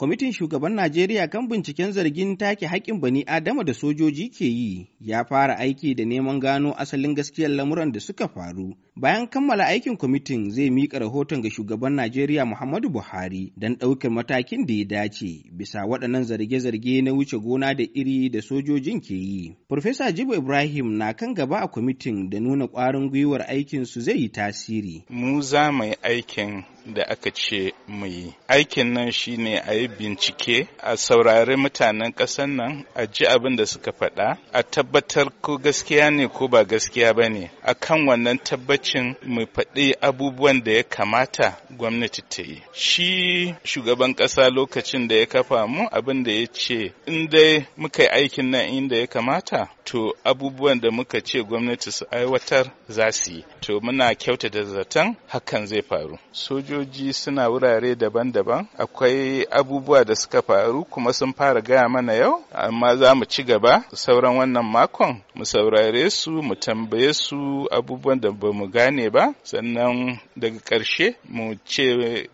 kwamitin shugaban Najeriya kan binciken zargin take haƙƙin bani Adama da sojoji ke yi ya fara aiki da neman gano asalin gaskiyar lamuran da suka faru. Bayan kammala aikin kwamitin zai miƙa rahoton ga shugaban Najeriya Muhammadu Buhari don ɗaukar matakin da ya dace bisa waɗannan zarge-zarge na wuce gona da iri da sojojin ke yi. Profesa Jibo Ibrahim na kan gaba a kwamitin da nuna ƙwarin gwiwar aikinsu zai yi tasiri. Mu za mu yi aikin da aka ce mu yi aikin nan shine a yi bincike a saurari mutanen ƙasar nan a ji abin da suka faɗa a tabbatar ko gaskiya ne ko ba gaskiya ba ne a kan wannan tabbacin mu faɗi abubuwan da ya kamata gwamnati ta yi shi shugaban ƙasa lokacin da ya kafa mu abin da ya ce in dai muka yi aikin nan inda ya kamata to abubuwan da muka ce gwamnati su aiwatar za su yi to muna kyautata zaton hakan zai faru sojoji suna wurare daban-daban akwai abubuwa da suka faru kuma sun fara gaya mana yau amma za mu ci gaba sauran wannan makon mu saurare su mu tambaye su abubuwan da ba mu gane ba sannan daga ƙarshe mu ce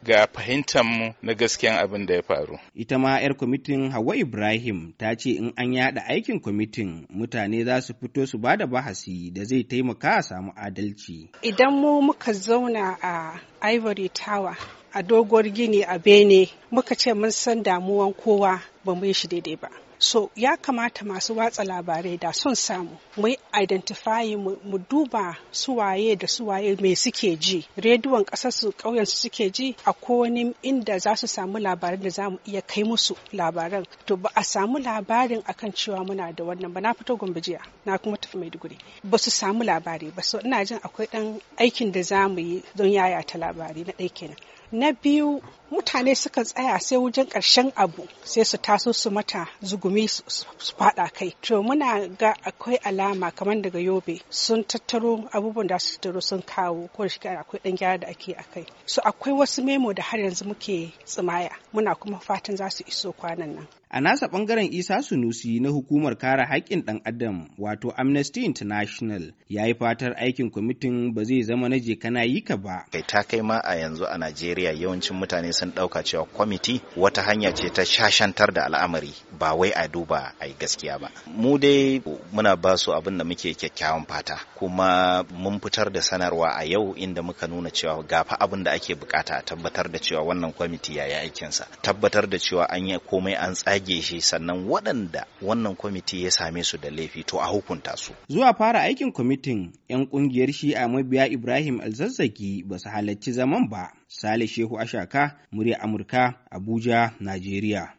ga fahimtar mu na gaskiyan abin da ya faru ita ma 'yar kwamitin hawa ibrahim ta ce in an yada aikin kwamitin mutane mutane za su fito su ba da bahasi da zai taimaka a samu adalci. Idan mu muka zauna a Ivory Tower a doguwar gini a Bene muka ce mun san damuwan kowa ba mu yi shi daidai ba. so ya kamata masu watsa labarai da son samu mu identify mu duba suwaye da suwaye mai suke ji rediyon ƙasarsu su kauyen su suke ji a wani inda za su samu labaran da za mu iya kai musu labaran to ba a samu labarin akan cewa muna da wannan ba na fito gombe jiya na kuma tafi maiduguri ba su samu labari ba so ina jin akwai ɗan aikin da za mu yi don yayata labari na ɗaya kenan na biyu mutane suka tsaya sai wajen ƙarshen abu sai su taso su mata zugumi su fada kai to muna ga akwai alama kamar daga yobe sun tattaro abubuwan da su tattaro sun kawo ko da shi akwai dan gyara da ake akai so akwai wasu memo da har yanzu muke tsimaya muna kuma fatan za su iso kwanan nan A nasa bangaren Isa Sunusi na hukumar kare haƙƙin ɗan Adam wato Amnesty International ya yi fatar aikin kwamitin ba zai zama na jekana yi ka ba. Kai ta kai ma a yanzu a Najeriya yawancin mutane sun ɗauka cewa kwamiti wata hanya ce ta shashantar da al'amari ba wai a duba a yi gaskiya ba. Mu dai muna ba su abin da muke kyakkyawan fata kuma mun fitar da sanarwa a yau inda muka nuna cewa gafa abin da ake bukata a tabbatar da cewa wannan kwamiti ya yi aikinsa tabbatar da cewa an yi komai an tsage rage shi sannan waɗanda wannan kwamiti ya same su da laifi to a hukunta su. Zuwa fara aikin kwamitin 'yan kungiyar shi a mabiya Ibrahim Alzazzaki ba su halarci zaman ba. Sale Shehu Ashaka, murya Amurka, Abuja, Najeriya.